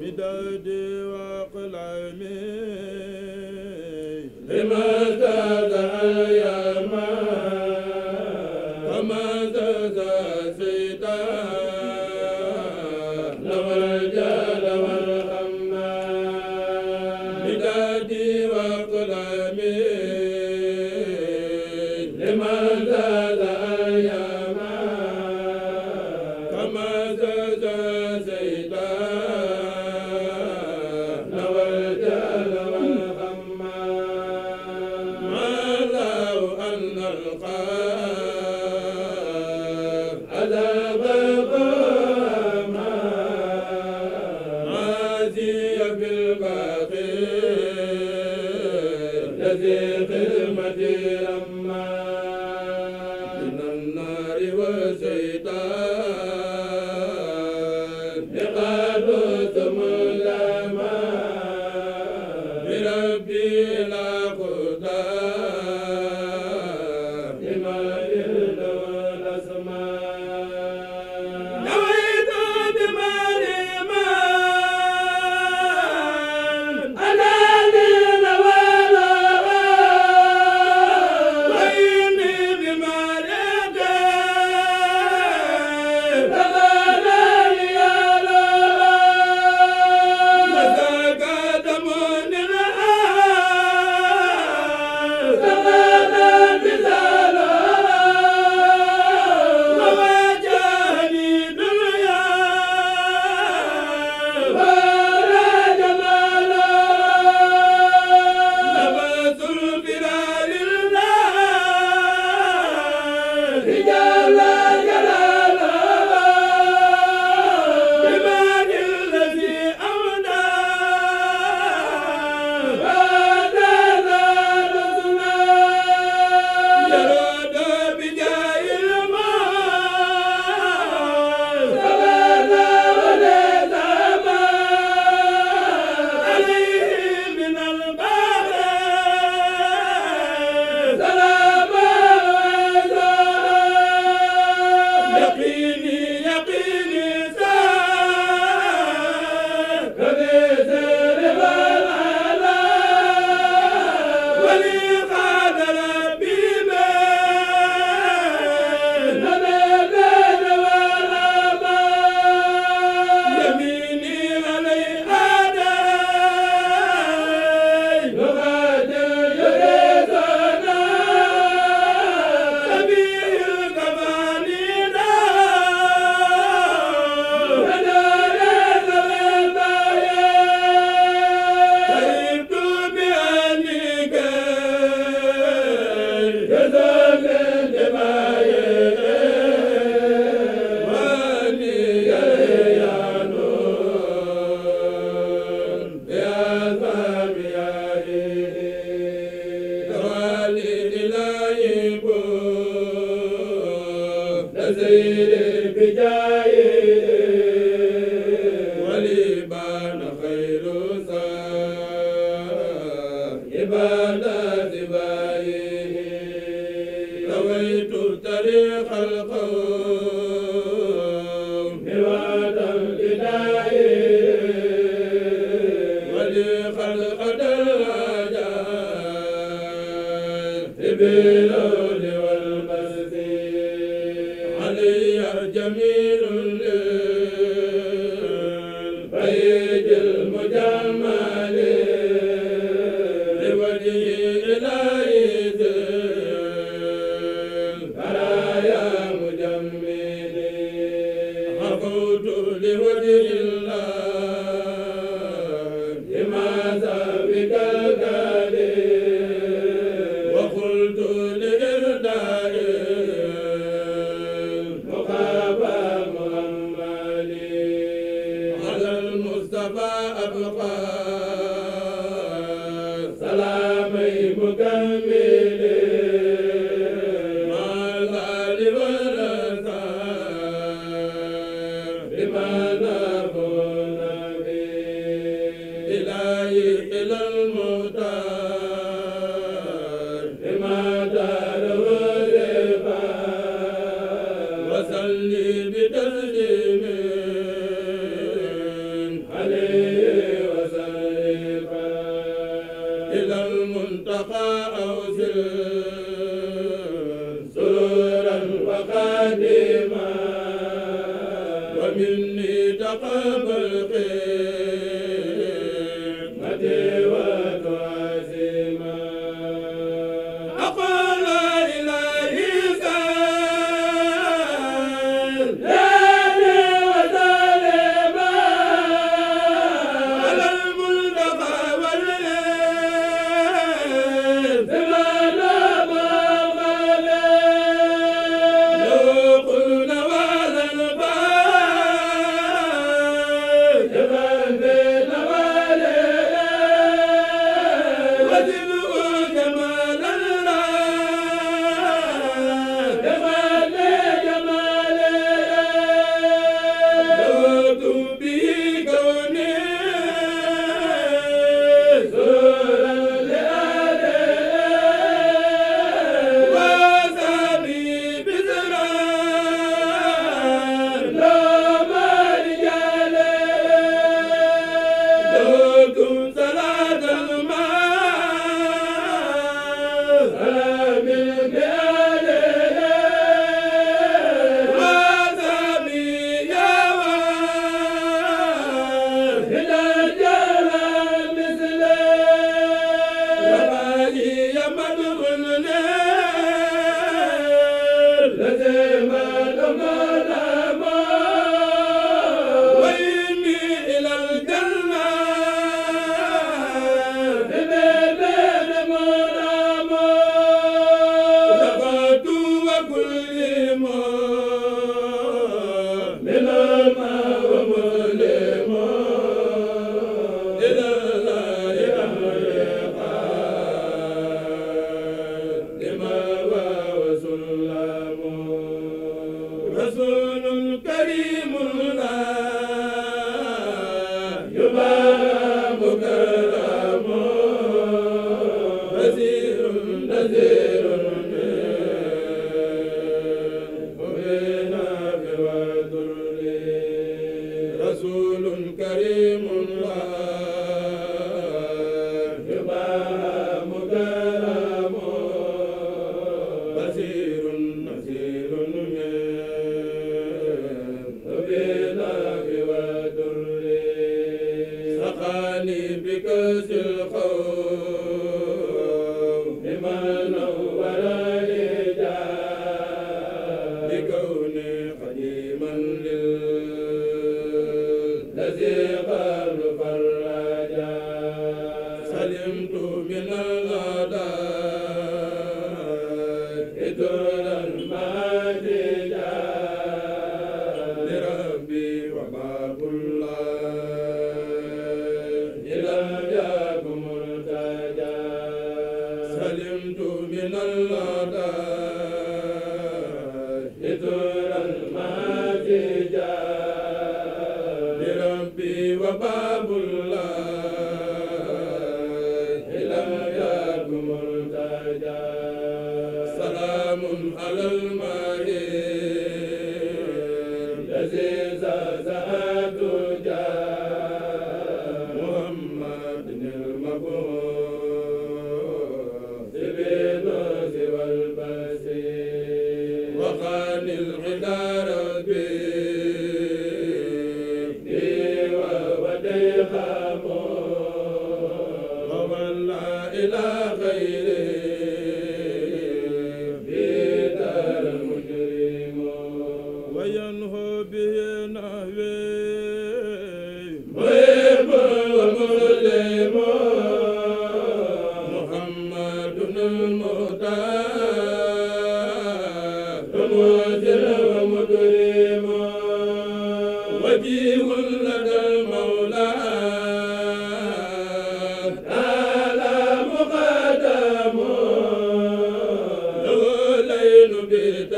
بدادي وقلامي لما تدعي نزير بجاي ilahi ilal la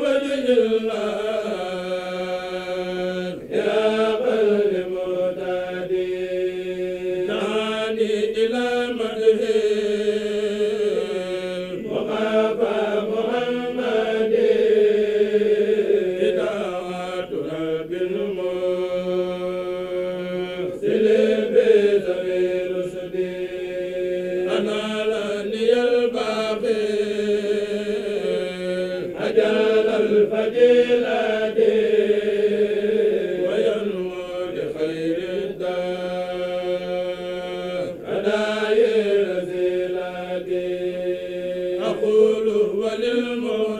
wa القبول وللموت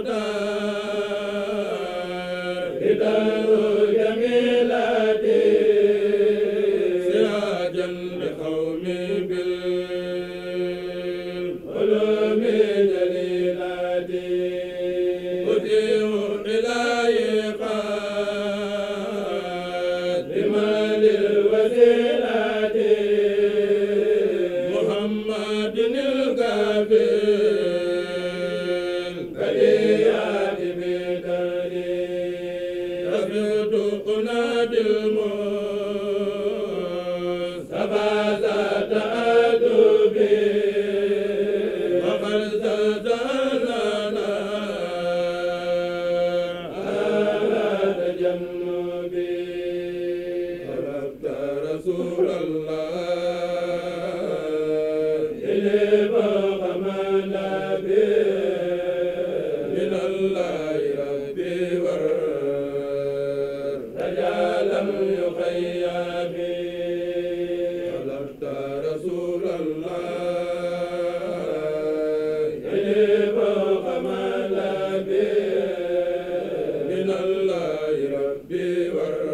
bi war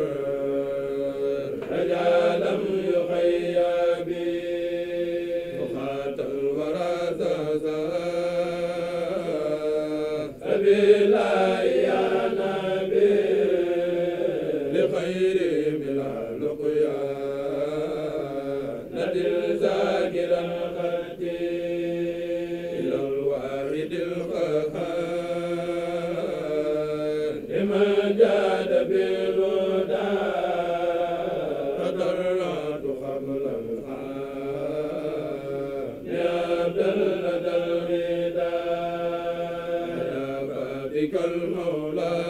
ذلك المولى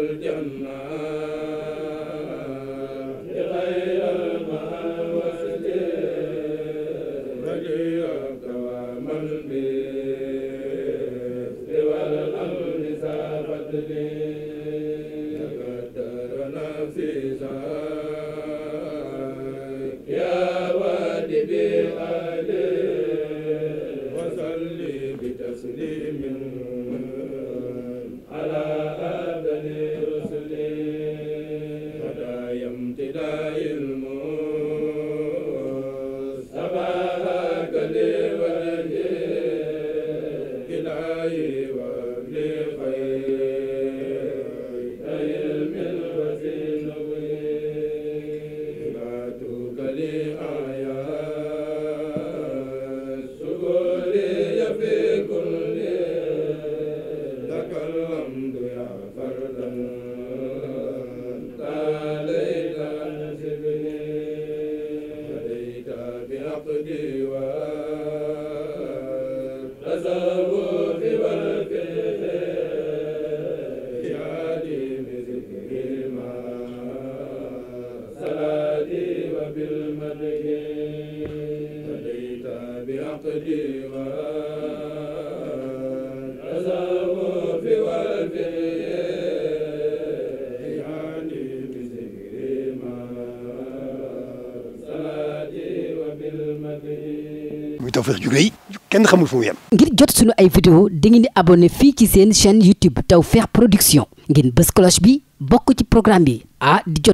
الجنة le Tawfekh jugee yi kenn xamul fu mu yem. ngir jot sunu ay vidéo dangeen di abonné fii ci seen chaîne YouTube Tawfekh Production ngeen bës cloche bi bokk ci programme bi ah di jot